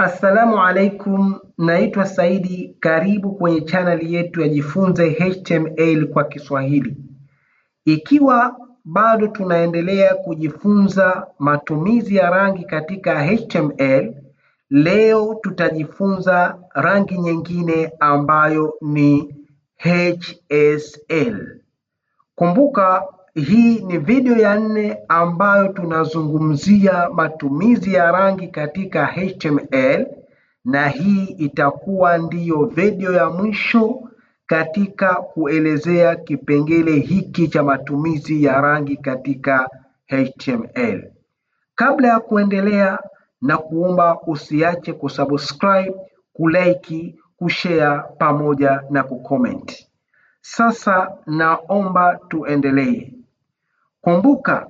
Assalamu alaikum, naitwa Saidi. Karibu kwenye chaneli yetu ya Jifunze HTML kwa Kiswahili. Ikiwa bado tunaendelea kujifunza matumizi ya rangi katika HTML, leo tutajifunza rangi nyingine ambayo ni HSL. Kumbuka hii ni mm. video ya nne ambayo tunazungumzia matumizi ya rangi katika HTML na hii itakuwa ndiyo video ya mwisho katika kuelezea kipengele hiki cha matumizi ya rangi katika HTML. Kabla ya kuendelea na kuomba usiache kusubscribe, kulike, kushare pamoja na kucomment. Sasa naomba tuendelee. Kumbuka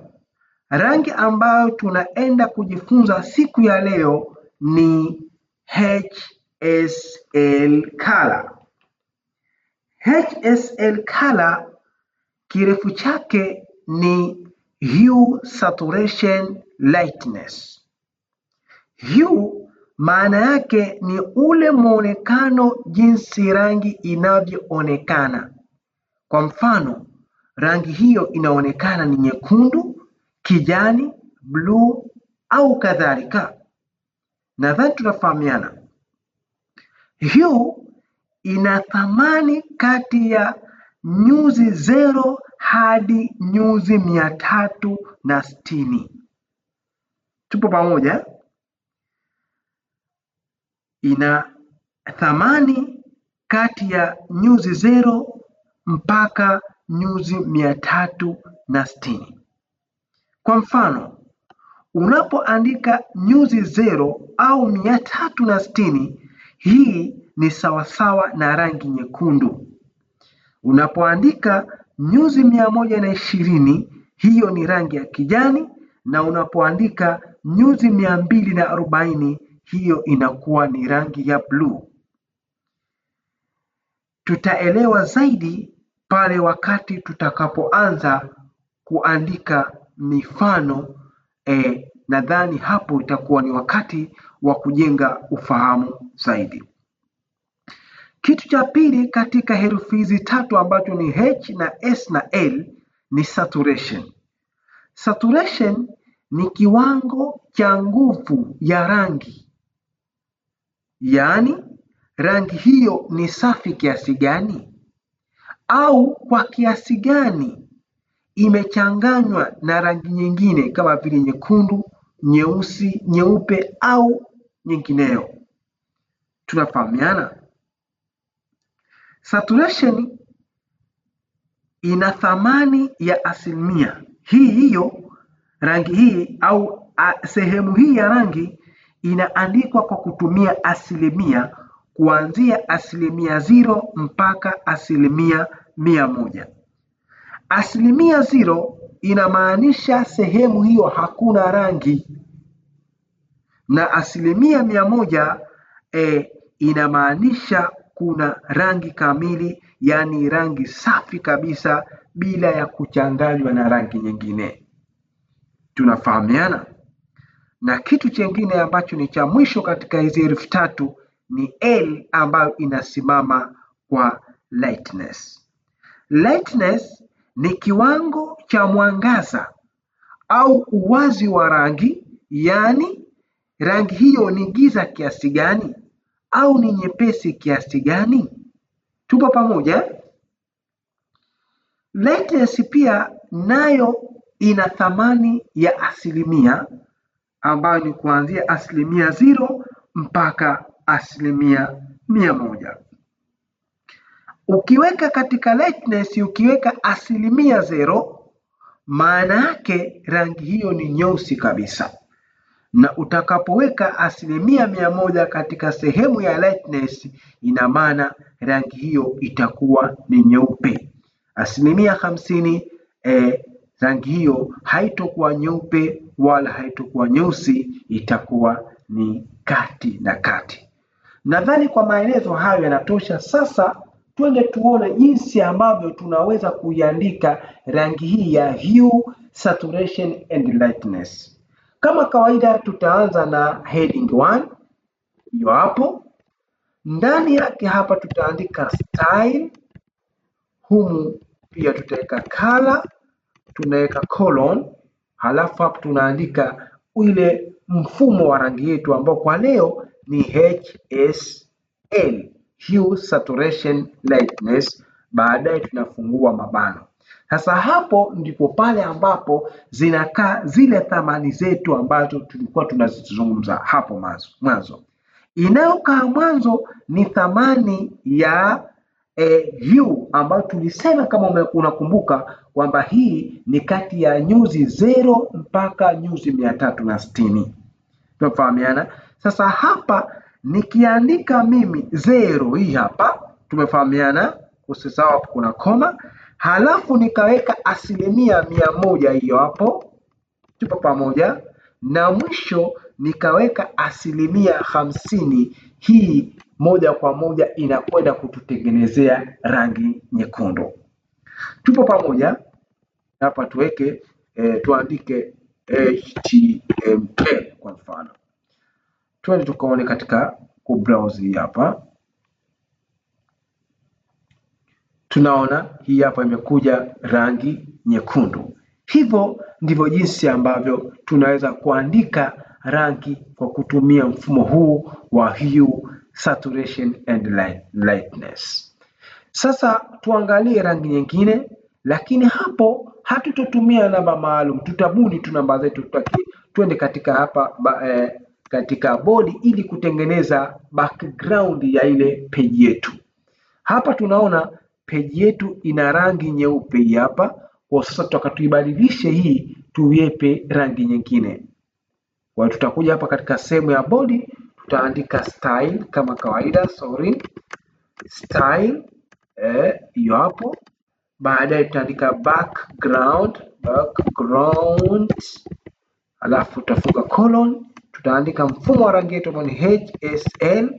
rangi ambayo tunaenda kujifunza siku ya leo ni HSL color. HSL color kirefu chake ni hue saturation lightness. Hue maana yake ni ule mwonekano jinsi rangi inavyoonekana. Kwa mfano Rangi hiyo inaonekana ni nyekundu, kijani, bluu au kadhalika. Nadhani tunafahamiana. Huu ina thamani kati ya nyuzi zero hadi nyuzi mia tatu na sitini. Tupo pamoja? Ina thamani kati ya nyuzi zero mpaka nyuzi mia tatu na sitini. Kwa mfano, unapoandika nyuzi zero au mia tatu na sitini, hii ni sawasawa na rangi nyekundu. Unapoandika nyuzi mia moja na ishirini, hiyo ni rangi ya kijani, na unapoandika nyuzi mia mbili na arobaini, hiyo inakuwa ni rangi ya bluu. Tutaelewa zaidi pale wakati tutakapoanza kuandika mifano e, nadhani hapo itakuwa ni wakati wa kujenga ufahamu zaidi. Kitu cha pili katika herufi hizi tatu ambacho ni H na S na L ni saturation. Saturation ni kiwango cha nguvu ya rangi, yaani rangi hiyo ni safi kiasi gani? au kwa kiasi gani imechanganywa na rangi nyingine kama vile nyekundu, nyeusi, nyeupe au nyingineyo. Tunafahamiana? Saturation ina thamani ya asilimia hii hiyo. Rangi hii au a, sehemu hii ya rangi inaandikwa kwa kutumia asilimia kuanzia asilimia zero mpaka asilimia mia moja. Asilimia zero inamaanisha sehemu hiyo hakuna rangi, na asilimia mia moja e, inamaanisha kuna rangi kamili, yaani rangi safi kabisa bila ya kuchanganywa na rangi nyingine. Tunafahamiana? Na kitu chengine ambacho ni cha mwisho katika hizi herufi tatu ni L ambayo inasimama kwa lightness. Lightness ni kiwango cha mwangaza au uwazi wa rangi, yaani rangi hiyo ni giza kiasi gani au ni nyepesi kiasi gani. Tupo pamoja? Lightness pia nayo ina thamani ya asilimia ambayo ni kuanzia asilimia zero mpaka asilimia mia moja. Ukiweka katika lightness, ukiweka asilimia zero, maana yake rangi hiyo ni nyeusi kabisa, na utakapoweka asilimia mia moja katika sehemu ya lightness, ina maana rangi hiyo itakuwa ni nyeupe. Asilimia hamsini eh, rangi hiyo haitokuwa nyeupe wala haitokuwa nyeusi, itakuwa ni kati na kati. Nadhani kwa maelezo hayo yanatosha. Sasa twende tuone jinsi ambavyo tunaweza kuiandika rangi hii ya hue, saturation and lightness. Kama kawaida, tutaanza na heading 1 hiyo hapo. Ndani yake hapa tutaandika style, humu pia tutaweka color, tunaweka colon, halafu hapo tunaandika ile mfumo wa rangi yetu ambao kwa leo ni HSL hue saturation lightness, baadaye tunafungua mabano. Sasa hapo ndipo pale ambapo zinakaa zile thamani zetu ambazo tulikuwa tunazizungumza hapo mwanzo. Inayokaa mwanzo ni thamani ya E, hue ambayo tulisema kama unakumbuka kwamba hii ni kati ya nyuzi zero mpaka nyuzi mia tatu na sitini. Tunafahamiana? Sasa hapa Nikiandika mimi zero hii hapa, tumefahamiana, usisahau hapo kuna koma, halafu nikaweka asilimia mia moja hiyo hapo, tupo pamoja, na mwisho nikaweka asilimia hamsini. Hii moja kwa moja inakwenda kututengenezea rangi nyekundu. Tupo pamoja hapa, tuweke e, tuandike HTML kwa mfano twende tukaone katika kubrowse hapa tunaona hii hapa imekuja rangi nyekundu. Hivyo ndivyo jinsi ambavyo tunaweza kuandika rangi kwa kutumia mfumo huu wa hue, saturation and lightness. Sasa tuangalie rangi nyingine, lakini hapo hatutotumia namba maalum, tutabuni tu namba zetu, tuende katika hapa ba, eh, katika bodi ili kutengeneza background ya ile peji yetu. Hapa tunaona peji yetu ina rangi nyeupe hii hapa. Kwa sasa tutakatuibadilishe hii tuwepe rangi nyingine. Kwa tutakuja hapa katika sehemu ya bodi tutaandika style kama kawaida, sorry style eh, hiyo eh, hapo. Baadaye tutaandika background background, alafu tutafunga colon tutaandika mfumo wa rangi yetu ambao ni HSN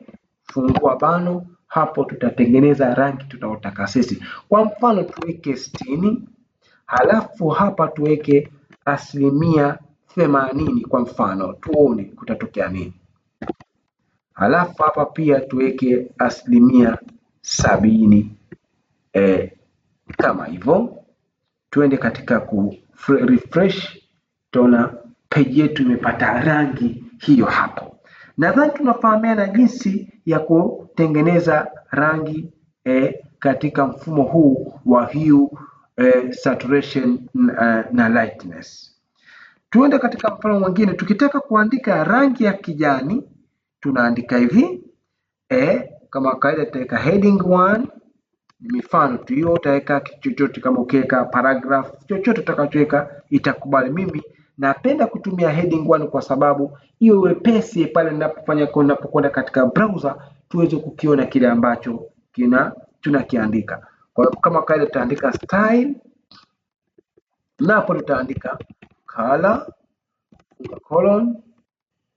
fungua bano, hapo tutatengeneza rangi tunayotaka sisi. Kwa mfano tuweke sitini, halafu hapa tuweke asilimia themanini kwa mfano, tuone kutatokea nini. Halafu hapa pia tuweke asilimia sabini e, kama hivyo. Tuende katika ku refresh, tutaona peji yetu imepata rangi hiyo hapo. Nadhani tunafahamiana jinsi ya kutengeneza rangi e, katika mfumo huu wa hue e, eh, saturation na, eh, na lightness. Tuende katika mfano mwingine. Tukitaka kuandika rangi ya kijani tunaandika hivi e, kama kawaida tutaweka heading 1 ni mifano tu hiyo, utaweka chochote, kama ukiweka paragraph chochote utakachoweka itakubali. Mimi Napenda kutumia heading 1 kwa sababu hiyo wepesi pale ninapofanya ninapokwenda katika browser tuweze kukiona kile ambacho kina tunakiandika. Kwa hiyo kama kawaida tutaandika style na hapo tutaandika color colon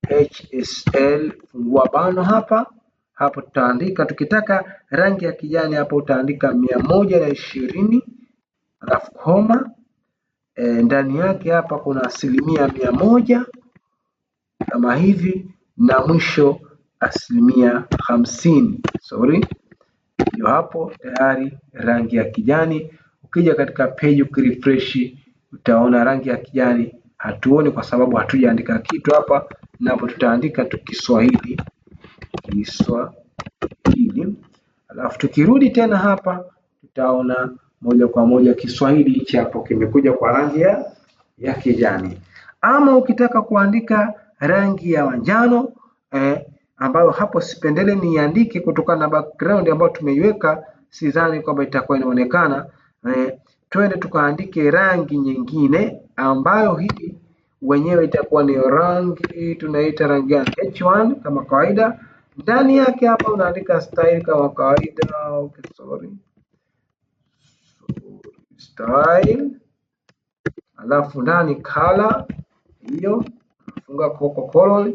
HSL fungua bano hapa hapo tutaandika tukitaka rangi ya kijani hapo utaandika mia moja na ishirini alafu koma e, ndani yake hapa kuna asilimia mia moja kama hivi na mwisho asilimia hamsini sorry, ndio hapo tayari rangi ya kijani. Ukija katika peji ukirefresh, utaona rangi ya kijani hatuoni kwa sababu hatujaandika kitu hapa, napo tutaandika tu Kiswahili, Kiswahili. Alafu tukirudi tena hapa tutaona moja kwa moja Kiswahili hichi hapo kimekuja kwa rangi ya, ya kijani. Ama ukitaka kuandika rangi ya manjano eh, ambayo hapo sipendele niandike kutokana na background ambayo tumeiweka, sidhani kwamba itakuwa inaonekana eh, twende tukaandike rangi nyingine ambayo hii wenyewe itakuwa ni rangi, tunaita rangi ya H1 kama kawaida. Ndani yake hapa unaandika style kama kawaida. Okay, sorry style alafu ndani color hiyo funga koko colon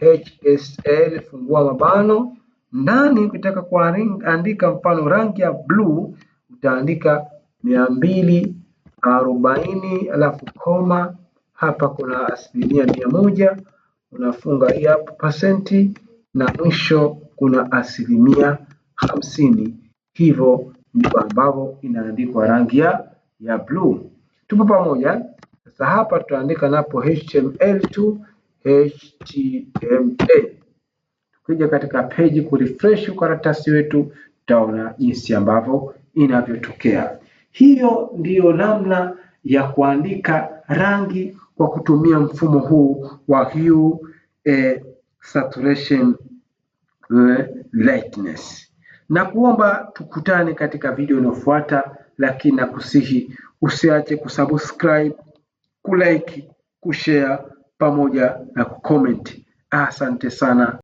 HSL fungua mabano ndani, ukitaka kuandika mfano rangi ya bluu utaandika mia mbili arobaini alafu koma hapa kuna asilimia mia moja unafunga hii hapo pasenti na mwisho kuna asilimia hamsini. Hivyo ndivyo ambavyo inaandikwa rangi ya ya blue. Tupo pamoja. Sasa hapa tutaandika napo HTML2, HTML. Tukija katika peji kurefresh ukaratasi wetu tutaona jinsi ambavyo inavyotokea. Hiyo ndiyo namna ya kuandika rangi kwa kutumia mfumo huu wa hue eh, saturation eh, lightness. Na kuomba tukutane katika video inayofuata lakini nakusihi usiache kusubscribe, kulike, kushare pamoja na kucomment. Asante sana.